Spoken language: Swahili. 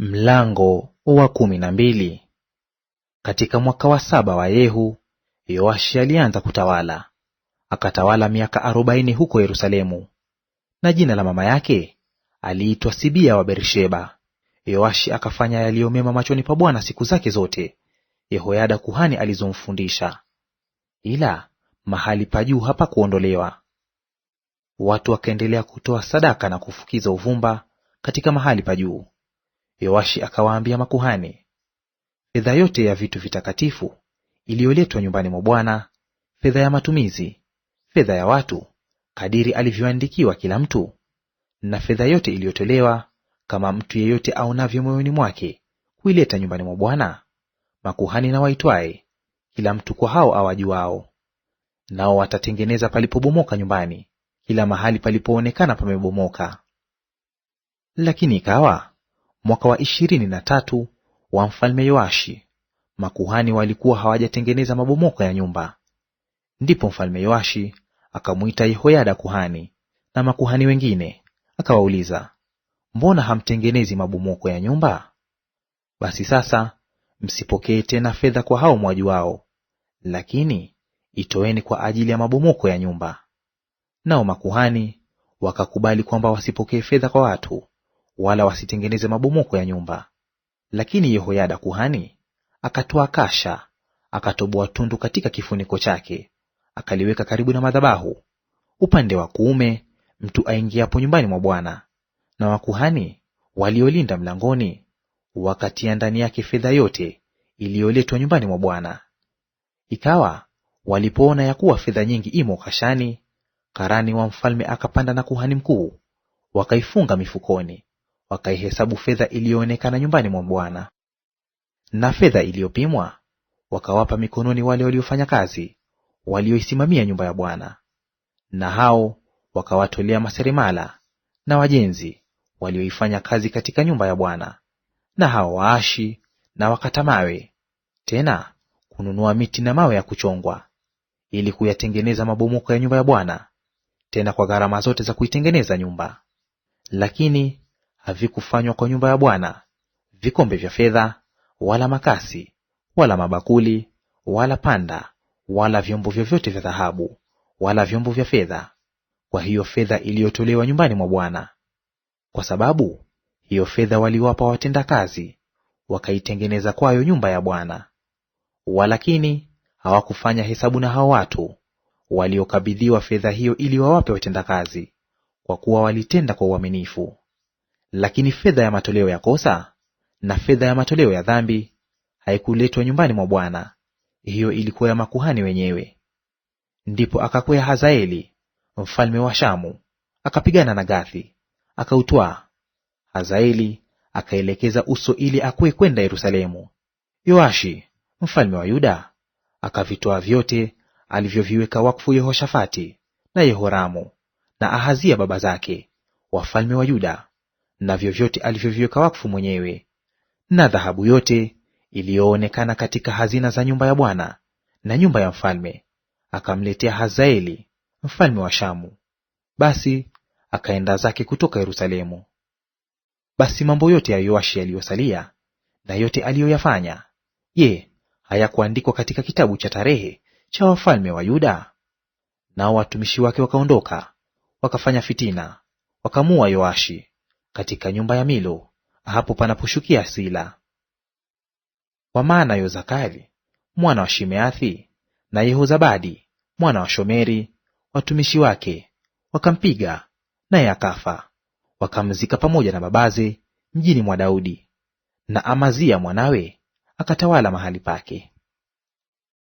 Mlango wa kumi na mbili. Katika mwaka wa saba wa Yehu, Yoashi alianza kutawala, akatawala miaka arobaini huko Yerusalemu. Na jina la mama yake aliitwa Sibia wa Bersheba. Yoashi akafanya yaliyo mema machoni pa Bwana siku zake zote, Yehoyada kuhani alizomfundisha, ila mahali pa juu hapakuondolewa. Watu wakaendelea kutoa sadaka na kufukiza uvumba katika mahali pa juu. Yoashi akawaambia makuhani, fedha yote ya vitu vitakatifu iliyoletwa nyumbani mwa Bwana, fedha ya matumizi, fedha ya watu kadiri alivyoandikiwa kila mtu, na fedha yote iliyotolewa kama mtu yeyote aonavyo moyoni mwake kuileta nyumbani mwa Bwana, makuhani na waitwaye, kila mtu kwa hao awajuao. Nao watatengeneza palipobomoka nyumbani, kila mahali palipoonekana pamebomoka. Lakini ikawa mwaka wa ishirini na tatu wa mfalme Yoashi, makuhani walikuwa hawajatengeneza mabomoko ya nyumba. Ndipo mfalme Yoashi akamwita Yehoyada kuhani na makuhani wengine, akawauliza, mbona hamtengenezi mabomoko ya nyumba? Basi sasa msipokee tena fedha kwa hao mwaji wao lakini itoeni kwa ajili ya mabomoko ya nyumba. Nao makuhani wakakubali kwamba wasipokee fedha kwa watu, wala wasitengeneze mabomoko ya nyumba. Lakini Yehoyada kuhani akatoa kasha, akatoboa tundu katika kifuniko chake, akaliweka karibu na madhabahu upande wa kuume mtu aingiapo nyumbani mwa Bwana. Na wakuhani waliolinda mlangoni wakatia ndani yake fedha yote iliyoletwa nyumbani mwa Bwana. Ikawa walipoona ya kuwa fedha nyingi imo kashani, karani wa mfalme akapanda na kuhani mkuu, wakaifunga mifukoni wakaihesabu fedha iliyoonekana nyumbani mwa Bwana. Na fedha iliyopimwa wakawapa mikononi wale waliofanya kazi walioisimamia nyumba ya Bwana, na hao wakawatolea maseremala na wajenzi walioifanya kazi katika nyumba ya Bwana, na hao waashi na wakata mawe, tena kununua miti na mawe ya kuchongwa, ili kuyatengeneza mabomoko ya nyumba ya Bwana, tena kwa gharama zote za kuitengeneza nyumba. Lakini havikufanywa kwa nyumba ya Bwana vikombe vya fedha, wala makasi, wala mabakuli, wala panda, wala vyombo vyovyote vya dhahabu, wala vyombo vya fedha, kwa hiyo fedha iliyotolewa nyumbani mwa Bwana. Kwa sababu hiyo fedha waliwapa watendakazi, wakaitengeneza kwayo nyumba ya Bwana. Walakini hawakufanya hesabu na hao watu waliokabidhiwa fedha hiyo ili wawape watendakazi, kwa kuwa walitenda kwa uaminifu. Lakini fedha ya matoleo ya kosa na fedha ya matoleo ya dhambi haikuletwa nyumbani mwa Bwana; hiyo ilikuwa ya makuhani wenyewe. Ndipo akakwea Hazaeli mfalme wa Shamu, akapigana na Gathi, akautwaa. Hazaeli akaelekeza uso ili akwe kwenda Yerusalemu. Yoashi mfalme wa Yuda akavitoa vyote alivyoviweka wakfu Yehoshafati na Yehoramu na Ahazia baba zake, wafalme wa Yuda na vyovyote alivyoviweka wakfu mwenyewe, na dhahabu yote iliyoonekana katika hazina za nyumba ya Bwana na nyumba ya mfalme, akamletea Hazaeli mfalme wa Shamu. Basi akaenda zake kutoka Yerusalemu. Basi mambo yote ya Yoashi yaliyosalia na yote aliyoyafanya, je, hayakuandikwa katika kitabu cha tarehe cha wafalme wa Yuda? Nao watumishi wake wakaondoka wakafanya fitina, wakamua Yoashi katika nyumba ya Milo, hapo panaposhukia Sila. Kwa maana Yozakari mwana wa Shimeathi na Yehozabadi mwana wa Shomeri watumishi wake wakampiga, naye akafa, wakamzika pamoja na babaze mjini mwa Daudi. Na Amazia mwanawe akatawala mahali pake.